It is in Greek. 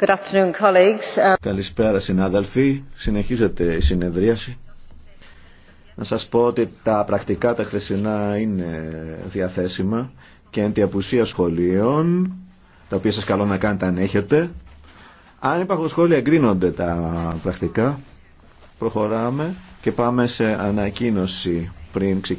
Um, Καλησπέρα συνάδελφοι. Συνεχίζεται η συνεδρίαση. Να σας πω ότι τα πρακτικά τα χθεσινά είναι διαθέσιμα και εν σχολείων, τα οποία σας καλώ να κάνετε αν έχετε. Αν υπάρχουν σχόλια εγκρίνονται τα πρακτικά. Προχωράμε και πάμε σε ανακοίνωση πριν ξεκινήσουμε.